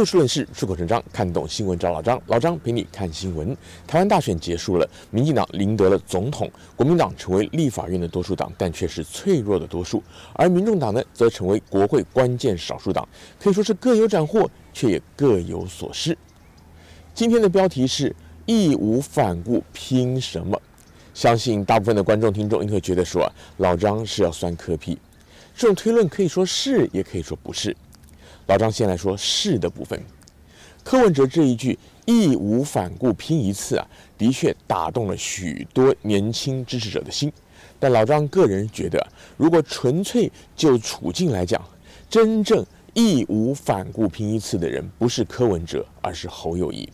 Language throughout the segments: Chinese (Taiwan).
就事論事，出口成章。看懂新聞找老張，老張陪你看新聞。台灣大選結束了，民進黨贏得了總統，國民黨成為立法院的多數黨，但卻是脆弱的多數。而民眾黨呢，則成為國會關鍵少數黨，可以說是各有斬獲，卻也各有所失。今天的標題是義無反顧，拼什麼？相信大部分的觀眾聽眾，應該會覺得說、啊、老張是要酸柯 P。這種推論可以說是，也可以說不是。老張先來說是的部分，柯文哲，這一句義無反顧拼一次啊，的確打動了許多年輕支持者的心。但老張個人覺得，如果純粹就處境來講，真正義無反顧拼一次的人，不是柯文哲，而是侯友宜。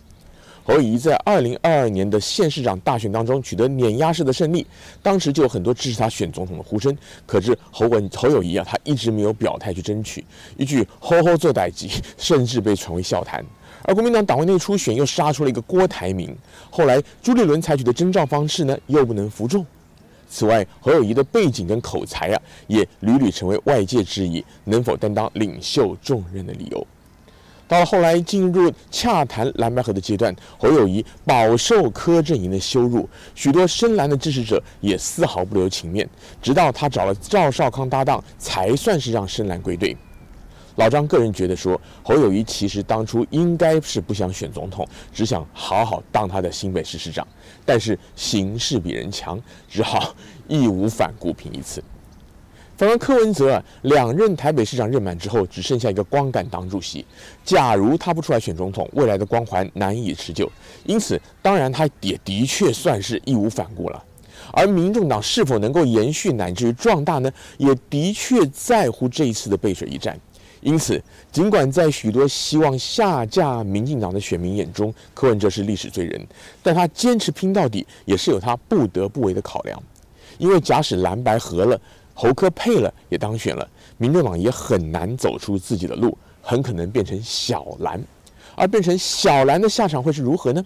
侯友宜在二零二二年的縣市長大選當中取得碾壓式的勝利，當時就有很多支持他選總統的呼聲。可是侯文侯友宜啊，他一直沒有表態去爭取，一句“吼吼做代誌”甚至被傳為笑談。而國民黨黨內初選又殺出了一個郭台銘，後來朱立倫採取的徵召方式呢，又不能服眾。此外，侯友宜的背景跟口才啊，也屢屢成為外界質疑能否擔當領袖重任的理由。到了後來進入洽談藍白合的階段，侯友宜飽受柯陣營的羞辱，許多深藍的支持者也絲毫不留情面。直到他找了趙少康搭檔，才算是讓深藍歸隊。老章個人覺得說，侯友宜其實當初應該是不想選總統，只想好好當他的新北市市長。但是形勢比人強，只好義無反顧，拼一次。反而柯文哲兩任台北市長任滿之後，只剩下一個光桿黨主席。假如他不出來選總統，未來的光環難以持久。因此，當然他也的確算是義無反顧了。而民眾黨是否能夠延續乃至於壯大呢？也的確在乎這一次的背水一戰。因此，儘管在許多希望下架民進黨的選民眼中，柯文哲是歷史罪人，但他堅持拼到底，也是有他不得不為的考量。因為假使藍白合了，侯柯配了也當選了，民眾黨也很難走出自己的路，很可能變成小藍，而變成小藍的下場會是如何呢？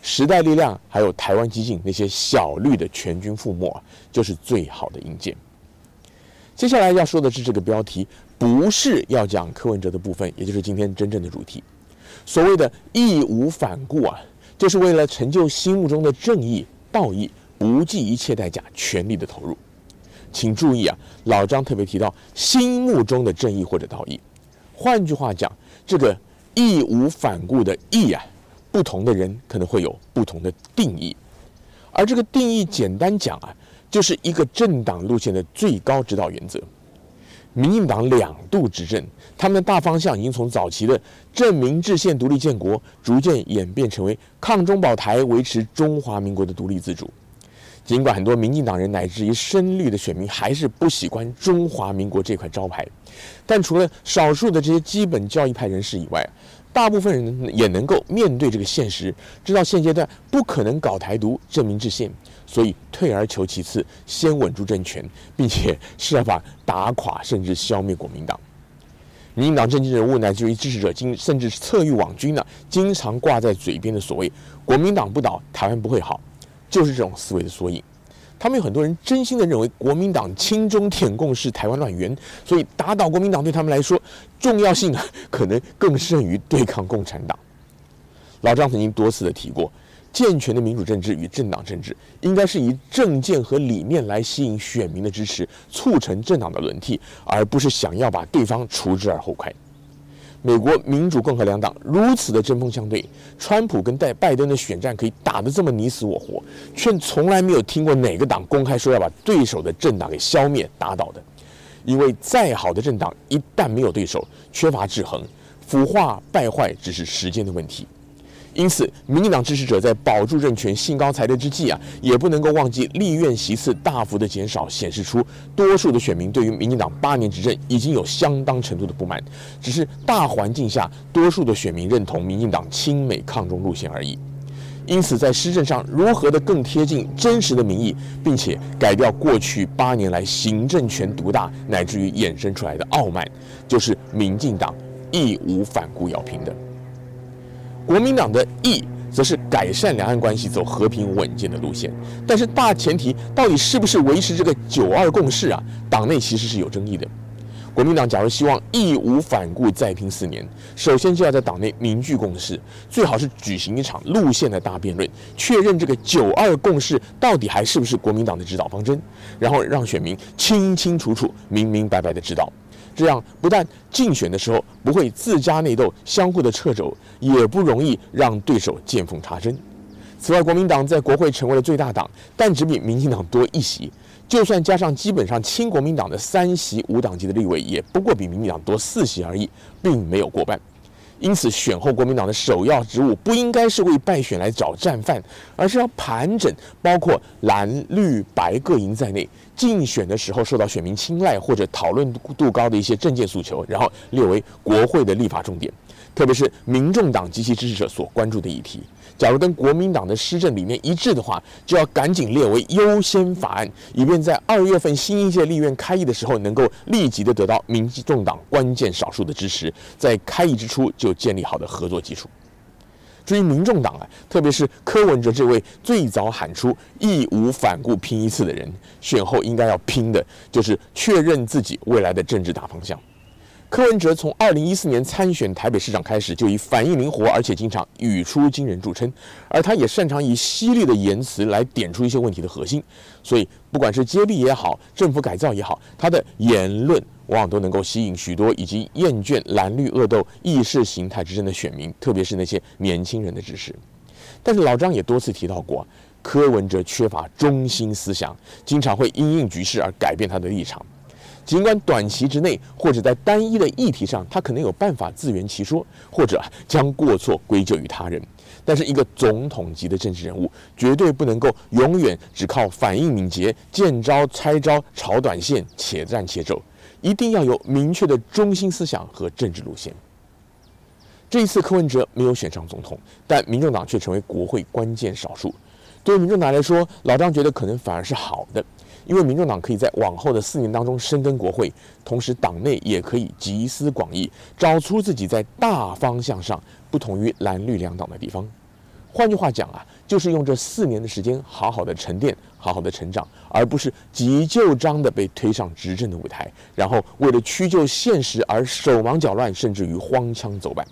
時代力量還有台灣基進那些小綠的全軍覆沒，就是最好的印證。接下來要說的是這個標題，不是要講柯文哲的部分，也就是今天真正的主題。所謂的義無反顧啊，就是為了成就心目中的正義道義，不計一切代價，全力的投入。請注意啊，老章特別提到心目中的正義或者道義，換句話講，這個義無反顧的義啊，不同的人可能會有不同的定義，而這個定義簡單講啊，就是一個政黨路線的最高指導原則。民進黨兩度執政，他們的大方向已經從早期的正名制憲獨立建國，逐漸演變成為抗中保台，維持中華民國的獨立自主。儘管很多民進黨人乃至於深綠的選民還是不喜歡中華民國這塊招牌，但除了少數的這些基本教義派人士以外，大部分人也能夠面對這個現實，知道現階段不可能搞台獨、正名制憲，所以退而求其次，先穩住政權，並且設法打垮甚至消滅國民黨。民進黨政治人物乃至於支持者，經，甚至策域網軍呢，經常掛在嘴邊的所謂“國民黨不倒，台灣不會好”。就是這種思維的縮影，他們有很多人真心的認為國民黨親中舔共是台灣亂源，所以打倒國民黨對他們來說重要性可能更勝於對抗共產黨。老張曾經多次的提過，健全的民主政治與政黨政治，應該是以政見和理念來吸引選民的支持，促成政黨的輪替，而不是想要把對方除之而後快。美國民主共和兩黨如此的針鋒相對，川普跟戴拜登的選戰可以打得這麼你死我活，卻從來沒有聽過哪個黨公開說要把對手的政黨給消滅打倒的，因為再好的政黨一旦沒有對手，缺乏制衡，腐化敗壞只是時間的問題。因此，民進黨支持者在保住政權、興高采烈之際啊，也不能夠忘記立院席次大幅的減少，顯示出多數的選民對於民進黨八年執政已經有相當程度的不滿。只是大環境下，多數的選民認同民進黨親美抗中路線而已。因此，在施政上如何的更貼近真實的民意，並且改掉過去八年來行政權獨大乃至於衍生出來的傲慢，就是民進黨義無反顧要拼的。國民黨的意則是改善兩岸關係，走和平穩健的路線，但是大前提到底是不是維持這個九二共識啊？黨內其實是有爭議的。國民黨假如希望義無反顧再拼四年，首先就要在黨內凝聚共識，最好是舉行一場路線的大辯論，確認這個九二共識到底還是不是國民黨的指導方針，然後讓選民清清楚楚、明明白白地知道。這樣不但競選的時候不會自家內鬥、相互的掣肘，也不容易讓對手見縫插針。此外，國民黨在國會成為了最大黨，但只比民進黨多一席，就算加上基本上親國民黨的三席無黨籍的立委，也不過比民進黨多四席而已，並沒有過半。因此，選後國民黨的首要職務不應該是為敗選來找戰犯，而是要盤整包括藍綠白各營在內，競選的時候受到選民青睞或者討論度高的一些政見訴求，然後列為國會的立法重點。特別是民眾黨及其支持者所關注的議題，假如跟國民黨的施政理念一致的話，就要趕緊列為優先法案，以便在二月份新一屆立院開議的時候，能夠立即的得到民眾黨關鍵少數的支持，在開議之初就建立好的合作基礎。至於民眾黨啊，特別是柯文哲這位最早喊出義無反顧拼一次的人，選後應該要拼的就是確認自己未來的政治大方向。柯文哲從2014年參選台北市長開始，就以反應靈活，而且經常語出驚人著稱，而他也擅長以犀利的言辭來點出一些問題的核心，所以不管是街議也好，政府改造也好，他的言論往往都能夠吸引許多已經厭倦藍綠惡鬥意識形態之爭的選民，特別是那些年輕人的支持。但是老章也多次提到過，柯文哲缺乏中心思想，經常會因應局勢而改變他的立場。儘管短期之內或者在單一的議題上，他可能有辦法自圓其說，或者將過錯歸咎於他人，但是一個總統級的政治人物絕對不能夠永遠只靠反應敏捷、見招拆招、炒短線、且戰且走，一定要有明確的中心思想和政治路線。這一次柯文哲沒有選上總統，但民眾黨卻成為國會關鍵少數，對於民眾黨來說，老張覺得可能反而是好的。因為民眾黨可以在往後的四年當中深耕國會，同時黨內也可以集思廣益，找出自己在大方向上不同於藍綠兩黨的地方。換句話講啊，就是用這四年的時間好好的沉澱，好好的成長，而不是急就章地被推上執政的舞台，然後為了屈就現實而手忙腳亂，甚至於荒腔走板。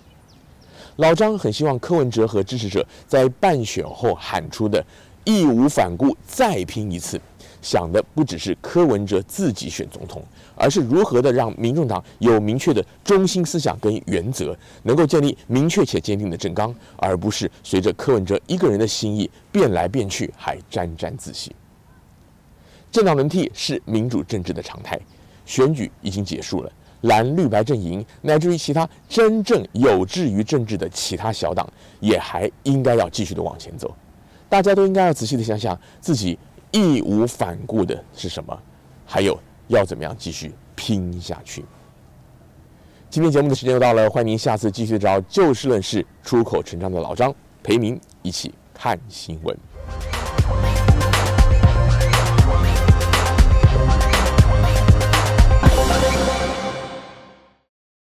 老張很希望柯文哲和支持者在敗選後喊出的“義無反顧，再拼一次”。想的不只是柯文哲自己選總統，而是如何的讓民眾黨有明確的中心思想跟原則，能夠建立明確且堅定的政綱，而不是隨着柯文哲一個人的心意變來變去，還沾沾自喜。政黨輪替是民主政治的常態，選舉已經結束了，藍綠白陣營乃至於其他真正有志於政治的其他小黨，也還應該要繼續的往前走。大家都應該要仔細的想想自己，義無反顧的是什麼？還有要怎麼樣繼續拼下去？今天節目的時間又到了，歡迎您下次繼續找就事論事、出口成章的老張陪您一起看新聞。